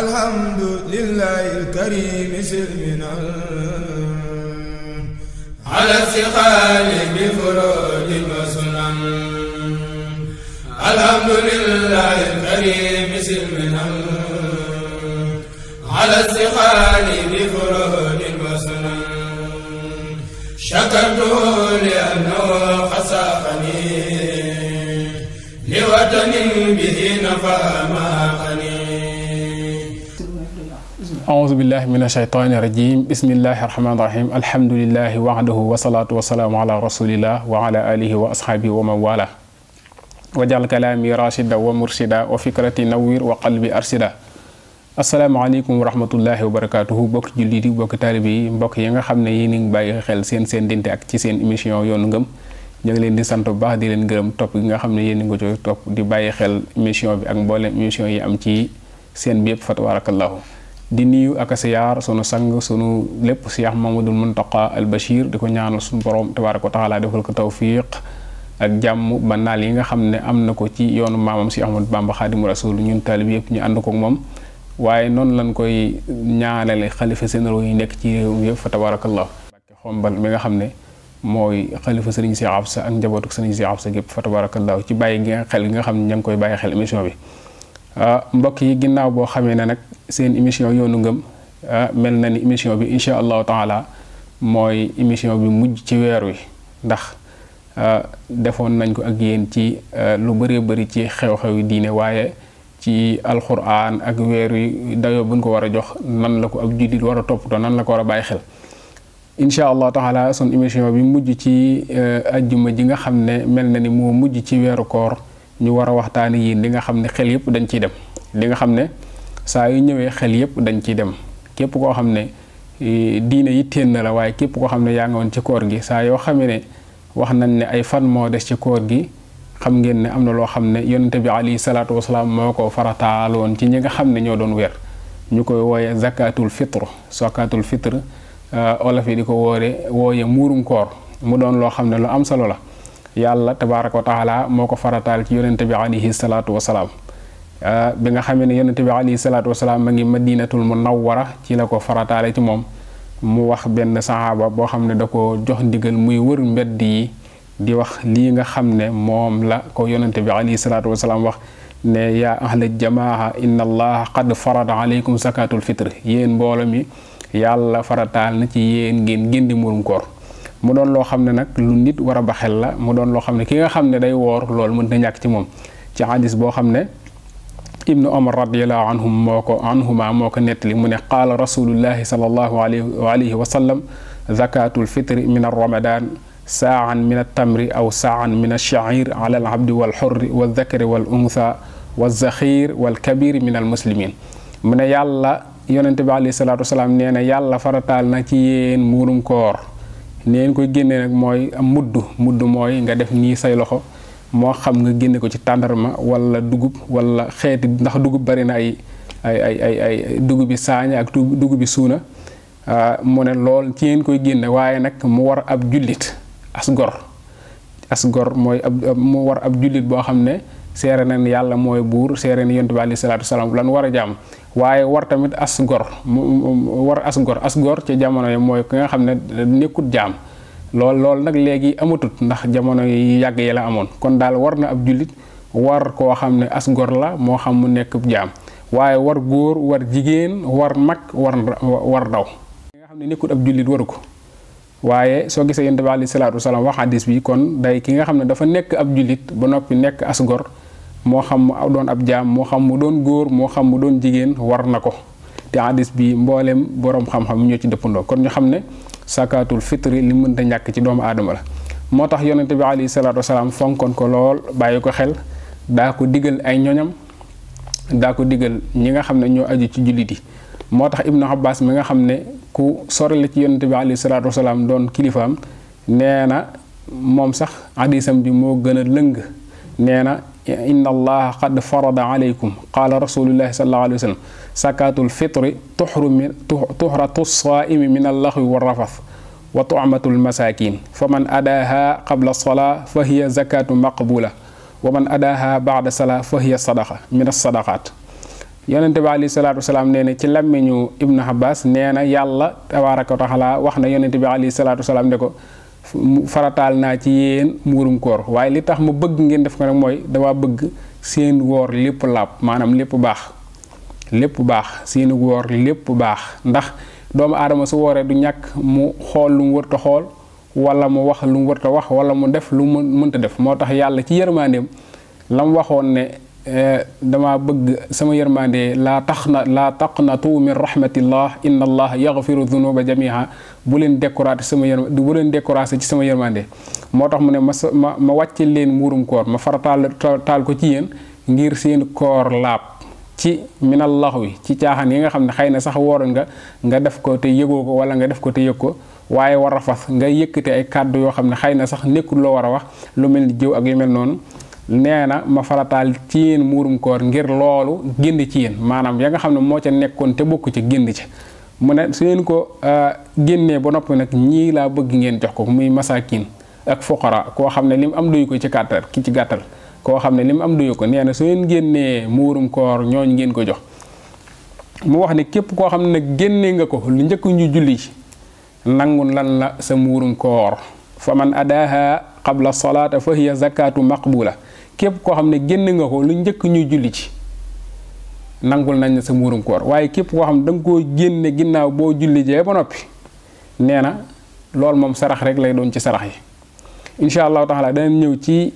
alhamdulillahi alkarim silminal ala si xaali bi furoodi wa sunan alhamdulillahi alkarim silminal ala si xaali bi furoodi wa sunan shakartu li annahu xasaxani li watanin bihi nafa ma aousubillah billah asheytaani irajim bismillahi irahmanirahim alhamdulilahi wahdahu wasalatu wasalaamu ala rasulillah wa ala alihi wa ashaabihi wa man wala wajal kalaami rachida wa mursida wa fikrati nawir wa qalbi arsida asalaamaaleykum wa rahmatullahi wa barakatuhu bokk jullit yi bokk taalibe yi mbokk yi nga xam ne yéen a ngi bàyyi xel seen seen dinte ak ci seen émission yoonu ngëm ñu ngi leen di sant baax di leen gërëm topp gi nga xam ne yéen a ngi ko ci topp di bàyyi xel émission bi ak mboolem émission yi am ci seen yëpp fa di nuyu ak a siyaar sunu sang sunu lépp Cheikh mun Mountakha al Bachir di ko ñaanal sunu borom tabaaraka ko taxalaa defal ko tawfiq ak jàmm ba naal yi nga xam ne am na ko ci yoonu maamam Cheikh Ahmadou Bamba Xaadimu Rasul ñun taalib yëpp ñu ànd ko moom waaye noonu lañ koy ñaanale xalifa généraux yi nekk ci réew mi yëpp fa tabaarakallah Mbàkke xombal mi nga xam ne mooy xalifa sëriñ Cheikh Absa ak njabootu sëriñ Cheikh Absa gépp fa ci bàyyi gi nga xel nga xam ne ña ngi koy bàyyi xel émission bi Ah, mbokk yi ginnaaw boo xamee ne nag seen émission yoonu ngëm ah, mel na ni émission bi incha allahu taala mooy émission bi mujj ci weer wi ndax ah, defoon nañ ko ak yéen ci lu bëree bëri ci xew xew yi diine waaye ci alquran ak weer wi dayoo buñ ko war a jox nan la ko ab jullit war a toppatoo nan la ko war a bàyyi xel incha allahu taala sun émission bi mujj ci eh, ajjuma ji nga xam ne mel na ni moo mujj ci weeru koor ñu war a waxtaane yéen li nga xam ne xel yëpp dañ ciy dem li nga xam ne saa yu ñëwee xel yëpp dañ ciy dem képp koo xam ne e, diine yitteel na la waaye képp koo xam ne yaa nga woon ci koor gi saa yoo xamee ne wax nañ ne ay fan moo des ci koor gi xam ngeen ne am na loo xam ne yonente bi alayhi salaatu wasalaam moo ko farataaloon ci ñi nga xam ne ñoo doon weer ñu koy wooye zakatul fitre zakatul fitre olof yi di ko woore wooye muurum koor mu doon loo xam ne lu am solo la yàlla tabaaraka wa taala moo ko farataal ci yonente bi alayhi salaatu wasalaam ah, bi nga xamee ne yonente bi alayhi salaatu wasalaam ma ngi madinatul munawwara ci la ko farataale ci moom mu wax benn saxaaba boo xam ne da ko jox ndigal muy wër mbedd yi di wax lii nga xam ne moom la ko yonente bi alayhi salaatu wasalaam wax ne yaa ahla jamaaha inna allaha qad farada yéen mboolo mi yàlla farataal na ci yéen ngeen géndi murum koor mu doon loo xam ne nag lu nit war a baxel la mu doon loo xam ne ki nga xam ne day woor lool mën na ñàkk ci moom ci hadis boo xam ne ibnu omar radiallahu anhum moo ko anhuma moo ko nettali mu ne qaala rasulullahi salallahu alayhi wa sallam zakatul fitri min aramadan saan min altamri aw saan min alchair ala alabdi walxurri waldakari wal untha walzaxir walkabiri min mu ne yàlla yonente bi alayhi salatu wasalaam nee na yàlla farataal na ci yéen muurum koor ni ngeen koy génnee nag mooy mudd mudd mooy nga def nii say loxo moo xam nga génne ko ci tàndarma wala dugub walla xeeti ndax dugub bari na ay ay ay ay ay dugub bi saañ ak dugub bi suuna ah, mu ne lool ci ngeen koy génne waaye nag mu war ab jullit as gor as mooy ab mu war ab jullit boo xam ne seere na yàlla mooy buur seere ni yonent bi alayhi salaatu salaam lan war a jaam waaye war tamit as gor war as gor as jamono yi mooy ki nga xam ne nekkut jaam lool loolu nag léegi amatut ndax jamono yi yàgg yi la amoon kon daal war na ab jullit war koo xam ne as gor la moo xam mu nekk jaam waaye war góor war jigéen war mag war war daw ki nga xam ne nekkut ab jullit waru ko waaye soo gisee yonent bi alayhi salaatu wax hadis bi kon day ki nga xam ne dafa nekk ab jullit ba noppi nekk as gor moo xam mu doon ab jaam moo xam mu doon góor moo xam mu doon jigéen war na ko te hadis bi mbooleem boroom xam-xam ñoo ci dëppandoo kon ñu xam ne sakaatul fitri li mënta ñàkk ci doomu aadama la moo tax yonente bi alayhi salaatu salaam fonkoon ko lool bàyyi ko xel daa ko diggal ay ñoñam daa ko diggal ñi nga xam ne ñoo aju ci jullit yi moo tax ibnu abbas mi nga xam ne ku sore ci yonente bi alayhi salaatu wasalaam doon kilifaam nee na moom sax hadisam bi moo gën a lëng nee na inna allaha qad farada alaykum qaala rasulullahi sallallahu alayhi wa sallam sakaatul fitri tuxru tuxratu saaimi min allaxwi wa rafath wa tuamatul masaakin fa man adaaha qabla salaa fa hiya zakatu maqbula wa man adaaha baada salaa fa hiya sadaqa min as-sadaqaat yonente bi alayhi salaatu wasalaam nee na ci làmmiñu ibnu abbas nee na yàlla tabaaraka wa taala wax na yonente bi alayhi salaatu wasalaam ne ko farataal naa ci yéen mburum koor waaye li tax ma bëgg ngeen def ko nag mooy dama bëgg seen woor lépp làpp maanaam lépp baax lépp baax seen woor lépp baax ndax doomu aadama su wooree du ñàkk mu xool lu mu wërta xool wala mu wax lu mu wërta wax wala mu def lu mu mënta def moo tax yàlla ci yërmandeem la mu waxoon ne Eh, dama bëgg sama yërmande laa tax na laa na taqnatu min rahmatillah inna allah yaghfiru dunuba jamiha bu leen décourager sama yërmande bu leen décourager ci sama yërmande moo tax mu ne ma sa ma ma wàcce leen muurum koor ma farataal taal ko ci yéen ngir seen koor laab ci minal lax wi ci caaxaan yi nga xam ne xëy na sax wooroon nga nga def ko te yëgoo ko wala nga def ko te yëg ko waaye war a fas nga yëkkate ay kàddu yoo xam ne xëy na sax nekkul loo war a wax lu mel ni jiw ak yu mel noonu nee na ma farataal ci yéen muurum koor ngir loolu génn ci yéen maanaam ya nga xam ne moo ca nekkoon te bokk ca génn ci mu ne su ngeen ko euh, génnee ba noppi nag ñii laa bëgg ngeen jox ko muy masakin ak foqara koo xam ne lim am doyu ko ci gàttal ki ci gàttal koo xam ne lim am doyu ko nee na su ngeen génnee muurum koor ñooñ ngeen ko jox mu wax ne képp koo xam ne nag génnee nga ko lu njëkk ñu julli ci nangu lan la sa muurum koor fa man adaaha qabla salaata fa hiya zakatu maqbula képp koo xam ne génne nga ko lu njëkk ñuy julli ci nangul nañ sa muurum koor waaye képp koo xam ne danga nga koo génne ginnaaw boo julli jee ba noppi nee na loolu moom sarax rek lay doon ci sarax yi incha allahu taala danañ ñëw ci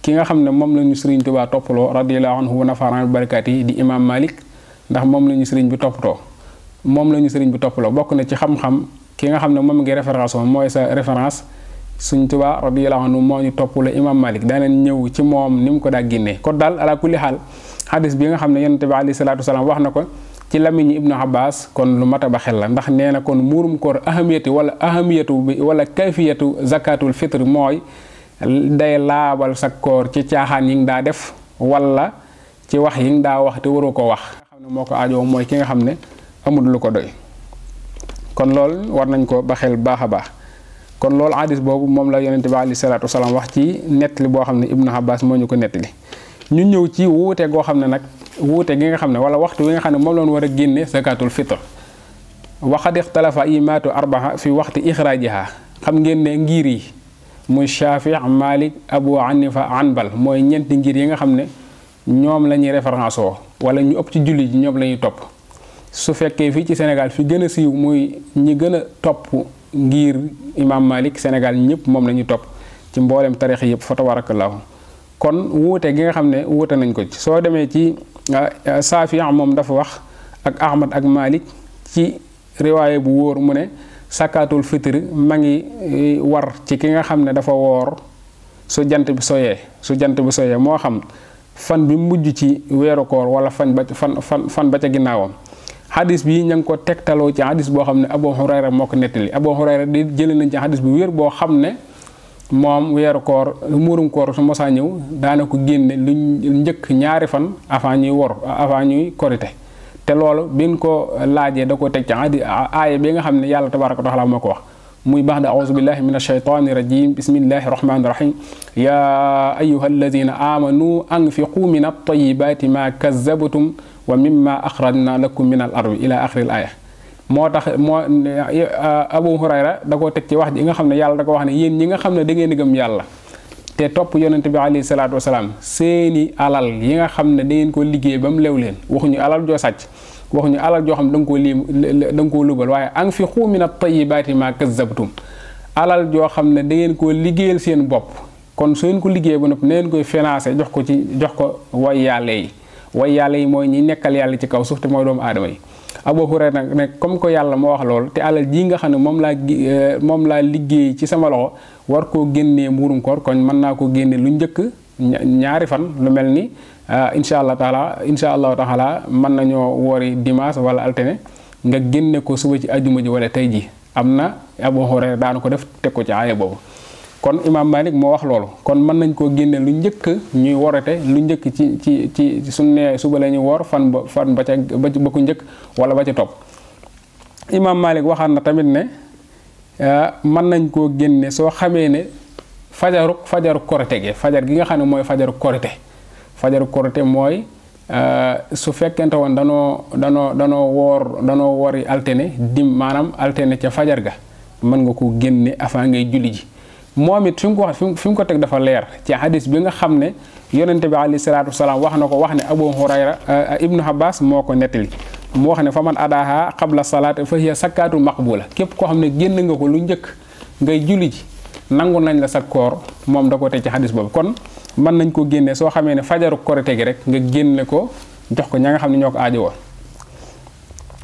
ki nga xam ne moom la ñu sëriñ Tuubaa toppaloo radiyallahu anhu wa nafaana bi barakaat yi di imaam Malik ndax moom la ñu sëriñ bi toppatoo moom lañu ñu sëriñ bi toppaloo bokk na ci xam-xam ki nga xam ne moom ngi référence moom mooy sa référence suñ tubaa radiyallahu nu moo ñu topp la imam malik daneen ñëw ci moom ni mu ko daa génnee kon daal ala kulli xaal xadis bi nga xam ne yonent bi salaatu wasalaam wax na ko ci lamiñu ibnu abbas kon lu mat a ba xel la ndax nee na kon muurum koor ahamiyatu wala ahamiyatu bi wala kayfiyatu zakatul fitr mooy day laabal sa koor ci caaxaan yi nga daa def wala ci wax yi nga daa wax te waru ko wax nga xam ne moo ko aajoo mooy ki nga xam ne amul lu ko doy kon loolu war nañ ko ba xel baax baax kon loolu hadis boobu moom la yonente bi alayhi salaatu wasalaam wax ci nettali boo xam ne Ibnu Abbas moo ñu ko nettali ñu ñëw ci wuute goo xam ne nag wuute gi nga xam ne wala waxtu wi nga xam ne moom loon war a génne zakatul fitr waxad ixtalafa imaatu arbaha fi waxti ixraajiha xam ngeen ne ngir yi muy Shaafi Malik Abu Hanifa Hanbal mooy ñeenti ngir yi nga xam ne ñoom la ñuy wala ñu ëpp ci julli ji ñoom la ñuy topp su fekkee fii ci Sénégal fi gën siiw muy ñi gën topp ngir imam Malik Sénégal ñëpp moom la ñu topp ci mbooleem tarix yëpp fa tabarakallahu kon wuute gi nga xam ne wuute nañ ko ci soo demee ci ah, ah, Saafiya moom dafa wax ak Ahmad ak Malik ci riwaaye bu wóor mu ne sàkkaatul fitr ma ngi eh, war ci ki nga xam ne dafa woor su jant bi soyee su jant bi soyee moo xam fan bi mujj ci weeru koor wala fan ba fan fan fan ba ca ginnaawam xadis bi ña ngi ko tegtaloo ci xadis boo xam ne Abu Hurayra moo ko nettali Abu Hurayra di jëlee ci xadis bu wér boo xam ne moom weeru koor muurum koor su mosaa ñëw daana ko génne lu njëkk ñaari fan avant ñuy wor avant ñuy korite te loolu biñ ko laajee da ko teg ci xadis aaya bi nga xam ne yàlla tabaaraka wa taala moo ko wax muy baax da auzu billahi min alsheytani irajim bismillahi rahmani rahim yaa ayuha alladina amanu anfiqu min altayibati ma wa mimma axrajna lakum min al ardi ila axiril aaya moo tax moo eh, abu hurayra da koo teg ci wax ji nga xam ne yàlla da ko wax ne yéen ñi nga xam ne da ngeen gëm yàlla te topp yonent bi alayhi salaatu wasalaam seeni alal yi nga xam ne da ngeen ko liggéey ba mu lew leen waxuñu alal joo sàcc waxuñu alal joo xam da nga koo lii da koo lubal waaye anfiqu min at-tayyibaati ma kazzabtum alal joo xam ne da ngeen koo liggéeyal seen bopp kon su ngeen ko liggéey ba noppi na ngeen koy financé jox ko ci jox ko way yàlla yi way yàlla yi mooy ñi nekkal yàlla ci kaw suuf te mooy doomu aadama yi Abu Hurayra nag ne comme que yàlla moo wax lool te alal ji nga xam ne moom laa euh, moom laa liggéey ci sama loxo war koo génnee mburum koor kon mën naa ko génne lu njëkk ñaari fan lu mel ni euh, incha allah taala incha allahu taala mën nañoo woori dimanche wala altine nga génne ko suba ci ajuma ji wala tey ji am na Abu daa daanu ko def teg ko ci aaya boobu kon imaam Malik moo wax loolu kon mën nañ koo génne lu njëkk ñuy worate lu njëkk ci ci ci su nee suba la ñuy wor fan ba fan ba ca ba ku njëkk wala ba ca topp imaam Malik waxaat na tamit ne euh, mën nañ koo génne soo xamee ne fajaru fajaru korite gi fajar gi nga xam ne mooy fajaru korite fajaru korite mooy euh, su fekkente woon danoo danoo danoo woor danoo woori altine dim maanaam altine ca fajar ga mën nga ko génne avant ngay julli ji moom it fi mu ko wax fi mu ko teg dafa leer ci hadis bi nga xam ne yonente bi alayhi salaatu wax na ko wax ne abu hurayra euh, ibnu abbas moo ko nettali mu wax ne fa man adaaha qabla salaat fa hiya sakkaatu maqbula képp koo xam ne génn nga ko lu njëkk ngay julli ji nangu nañ la sa koor moom da ko teg ci xadis boobu kon mën nañ ko génne soo xamee ne fajaru korite gi rek nga génne ko jox ko ña nga xam ne ñoo ko aajo aajowoo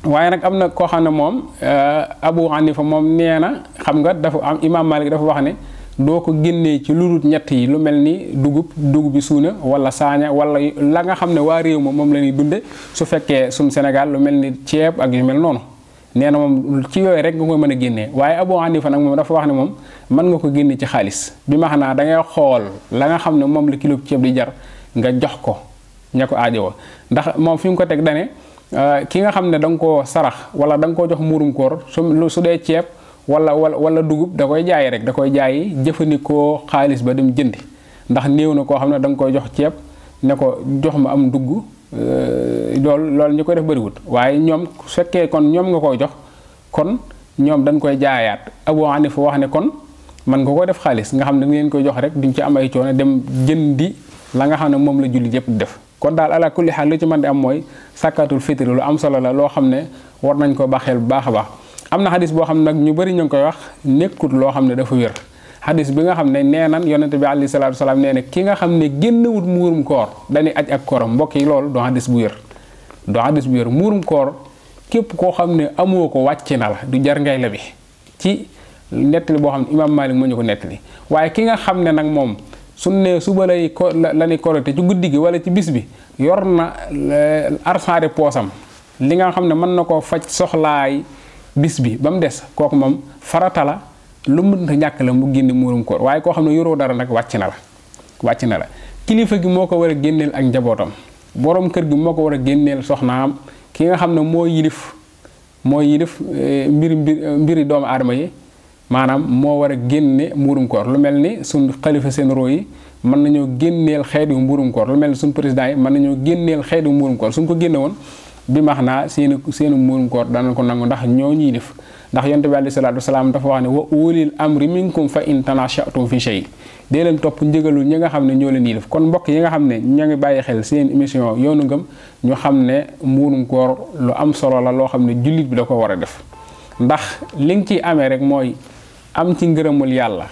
waaye nag am na koo xam ne moom euh, Abu Hanifa moom nee na xam nga dafa am Imaam Malik dafa wax ne doo ko génnee ci lu dul ñett yi lu mel ni dugub dugub bi suuna wala saaña wala la nga xam ne waa réew ma moom la ñuy dunde su fekkee sum Sénégal lu mel ni ceeb ak yu mel noonu nee na moom ci yooyu rek nga ko mën a génnee waaye Abu Hanifa nag moom dafa wax ne moom mën nga ko génnee ci xaalis bi ma xanaa dangay ngay xool la nga xam ne moom la kilo ceeb di jar nga jox ko ña ko wa ndax moom fi mu ko teg dane euh, ki nga xam ne da nga koo sarax wala danga nga koo jox muurum koor su su dee ceeb. wala wala wala dugub da koy jaayi rek da koy jaayi jëfandikoo xaalis ba dem jëndi ndax néew na koo xam ne danga koy jox ceeb ne ko jox ma am dugg loolu euh, loolu ñu koy def bariwut waaye ñoom fekkee kon ñoom nga koy jox kon ñoom dañ koy jaayaat ne Hanifa wax ne kon man nga koy def xaalis nga xam ne dañ leen koy jox rek duñ ci am ay coono dem jëndi la nga xam ne moom la julli yëpp def kon daal ala kulli xaal lu ci mën di am mooy sàkkaatul fitri lu am solo la loo xam ne war nañ ko baaxeel bu baax a baax. am na xadis boo xam ne nag ñu bari ñu ngi koy wax nekkut loo xam ne dafa wér xadis bi nga xam ne nee nan yonente bi alayhi salaatu salaam nee na ki nga xam ne génn wut muurum koor dañuy aj ak kooram mbokk yi loolu doo xadis bu wér doo xadis bu wér muurum koor képp koo xam ne amoo ko wàcc na la du jar ngay la bi ci nettali boo xam ne imaam Malik moo ñu ko nettali waaye ki nga xam ne nag moom suñ ne suba lay ko la ñuy korite ci guddi gi wala ci bis bi yor na euh, arsaade poosam nga xam ne mën na koo faj soxlaay bis bi ba mu des kooku moom farata la lu mu mënta ñàkk la mu génne muurum koor waaye koo xam ne yoroo dara nag wàcc na la wàcc na la kilifa gi moo ko war a génneel ak njabootam borom kër gi moo ko war a génneel soxnaam ki nga xam ne moo yilif moo yilif eh, mbir mbir mbiri doomu aadama yi maanaam moo war a génne mburum koor lu mel ni suñ xalifa seen roo yi mën nañoo génneel xeetu mburum koor lu mel ni suñ président yi mën nañoo génneel xeetu mburum koor suñ ko génne woon bi max naa seen seenu muurum koor dana ko nangu ndax ñoo ñuy def ndax yonte bi alayhi salaatu wasalaam dafa wax ne wa ulil amri minkum fa in tanachatum fi shay dee leen topp njëgalul ñi nga xam ne ñoo leen yilif kon mbokk yi nga xam ne ña ngi bàyyi xel seen émission yoonu ngëm ñu xam ne muurum koor lu am solo la loo xam ne jullit bi da ko war a def ndax li nga ciy amee rek mooy am ci ngërëmul yàlla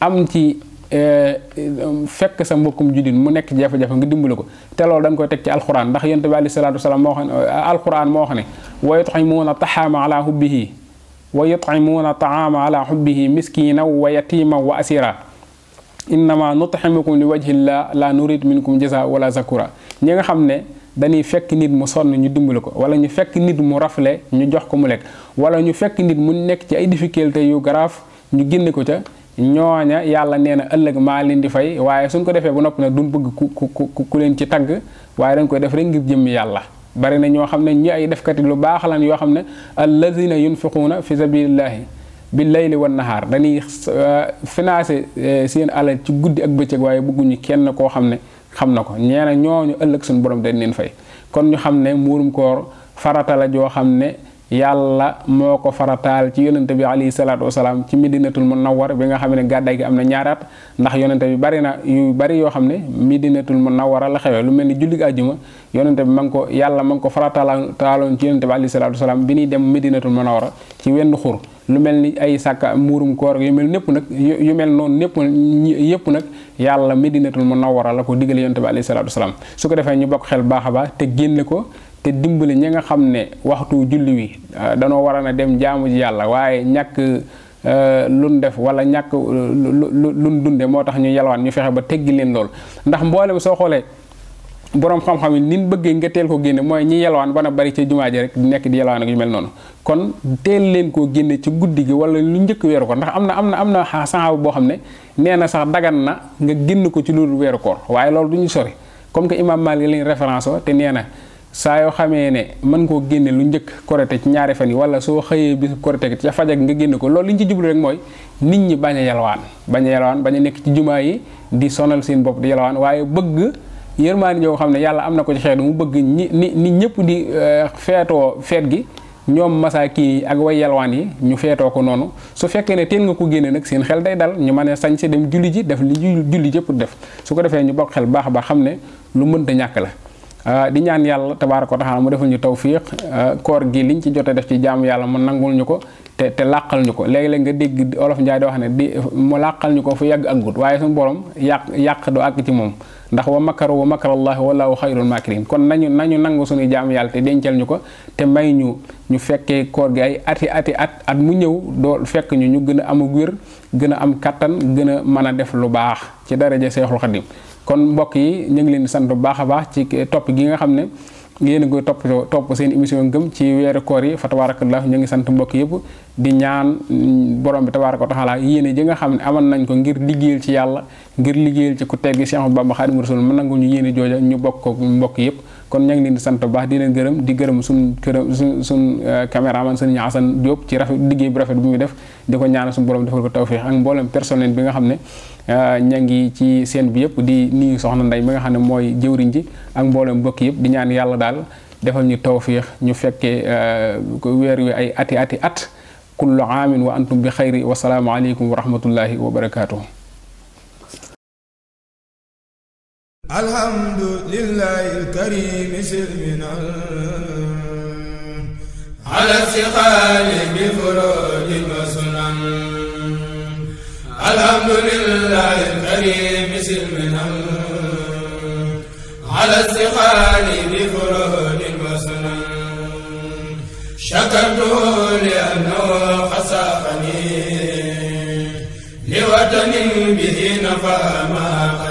am ci Euh, fekk sa mbokkum jullit mu nekk jafe-jafe nga dimbale ko te loolu da nga koy teg ci alxuraan ndax yonent bi alayhi salaatu wasalaam moo xam ne euh, alxuraan moo xam ne wa yut'imuuna taxaama ala hubbihi wa yut'imuuna taama ala hubbihi miskiina wa yatiima wa asira innama nut'imukum li wajhillah la min minkum jaza wala zakura ñi nga xam ne dañuy fekk nit mu sonn ñu dimbali ko wala ñu fekk nit mu rafle ñu jox ko mu lekk wala ñu fekk nit mu nekk ci ay difficulté yu grave ñu génne ko ca ñooña yàlla nee na ëllëg maa leen di fay waaye suñ ko defee ba noppi nag duñ bëgg ku ku ku leen ci tagg waaye dañ koy def rek ngir jëmmi yàlla bari na ñoo xam ne ñi ay defkati lu baax lan yoo xam ne allazina yunfiquuna fi sabilillahi bi layli wan nahaar dañuy euh, financé euh, seen alal ci guddi ak bëccëg waaye bëgguñu kenn koo xam ne xam na ko ñee ñooñu ëllëg suñu borom dañ leen fay kon ñu xam ne muurum koor farata la joo xam ne yàlla moo ko farataal ci yonente bi alayhi salaatu wasalaam ci midinatul munawwar bi nga xam ne gàddaay gi am na ñaaraat ndax yonente bi bari na yu bari yoo xam ne midinatul munawwar la xewee lu mel ni jullig àjjuma yonente bi ma ko yàlla ma ngi ko farataaloon ci yonente bi alayhi salaatu wasalaam bi ñuy dem midinatul munawwar ci wenn xur lu mel ni ay sàkka muurum koor yu mel népp nag yu mel noonu népp yëpp nag yàlla medinatul munawwara la ko digal yonte bi alayhi salaatu wasalaam su ko defee ñu baax baax te génne ko te dimbali ñi nga xam ne waxtu julli wi euh, danoo waroon a dem jaamu ji yàlla waaye ñàkk euh, lun def wala ñàkk lu lun dunde moo tax ñu yalwaan ñu fexe ba teggi leen lool ndax mboolem soo xoolee boroom xam-xam yi nin bëggee nga teel ko génne mooy ñi ba na bari ca jumaa ji rek di nekk di yelwaan ak yu mel noonu kon teel leen ko génne ci guddi gi wala lu njëkk weeru koor ndax am na am na am na saxaaba boo xam ne nee na sax dagan na nga génn ko ci loolu weeru koor waaye loolu du ñu sori comme que imam Malik lañ référence te nee na saa yoo xamee ne mën koo génne lu njëkk korite ci ñaari fan yi wala soo xëyee bis korite gi ca fajag nga génne ko loolu li ñu ci jublu rek mooy nit ñi bañ a yalwaan bañ a yalwaan bañ a nekk ci jumaa yi di sonal seen bopp di yalwaan waaye bëgg yërmaani joo xam ne yàlla am na ko ci xeetu mu bëgg ñi ni nit ñëpp di euh, feetoo feet gi ñoom masaakin yi ak way yalwaan yi ñu feetoo ko noonu su fekkee ne teen nga ko génne nag seen xel day dal ñu mën a sañ si dem julli ji def li julli jëpp def su ko defee ñu bokk xel baax ba xam ne lu mënta ñàkk la Ah, di ñaan yàlla tabaaraka taala mu defal ñu tawfiq ah, koor gi liñ ci jote def ci jaamu yàlla mu nangul ñu ko te te làqal ñu ko léegi-léeg nga dégg olof Njaay di wax ne di mu làqal ñu ko fu yàgg ak gut waaye suñu borom yàq yàq du àkk ci moom ndax wa makaru wa makarallaahi wallaahu xayrul makirin kon nañu nañu nangu suñuy jaamu yàlla te dencal ñu ko te may ñu ñu fekkee koor gi ay ati ati at at mu ñëw doo fekk ñu ñu gën a am wér gën a am kàttan gën a mën a def lu baax ci daraja Seexul Xadim kon mbokk yi ñu ngi leen di sant bu baax a baax ci topp gi nga xam ne yéen a ngi topp topp seen émission ngëm ci weeru koor yi fa tabarakallah ñu ngi sant mbokk yëpp di ñaan borom bi tabaraka wa taala yéene ji nga xam ne amal nañ ko ngir liggéeyal ci yàlla ngir liggéeyal ci ku tegg Cheikh Bamba Xaadimu Rasuul mu nangu ñu yéene jooja ñu bokk ko mbokk yëpp kon ña ngi leen di sant bu baax di leen gërëm di gërëm suñ kërëm suñ suñ eh, caméraman sëñ Asan Diop ci rafet liggéey bu rafet bu muy def di ko ñaanal suñu borom defal ko tawféex ak mboolem personnel bi nga xam ne eh, ña ngi ci seen bi yëpp di nii soxna Ndey bi nga xam ne mooy jëwriñ ji ak mboolem mbokk yëpp di ñaan yàlla daal defal ñu tawféex ñu fekkee eh, weer wi ay ati ati at kullu aamin wa antum bi xayri wa salaamu aleykum wa rahmatullahi wa barakaatuh alhamdulillahi alkarim silminal ala sixaali bi furoodi wa sunan alhamdulillahi alkarim silminal ala sixaali bi furoodi wa sunan shakartu li annahu xasafani li watanin bihi nafa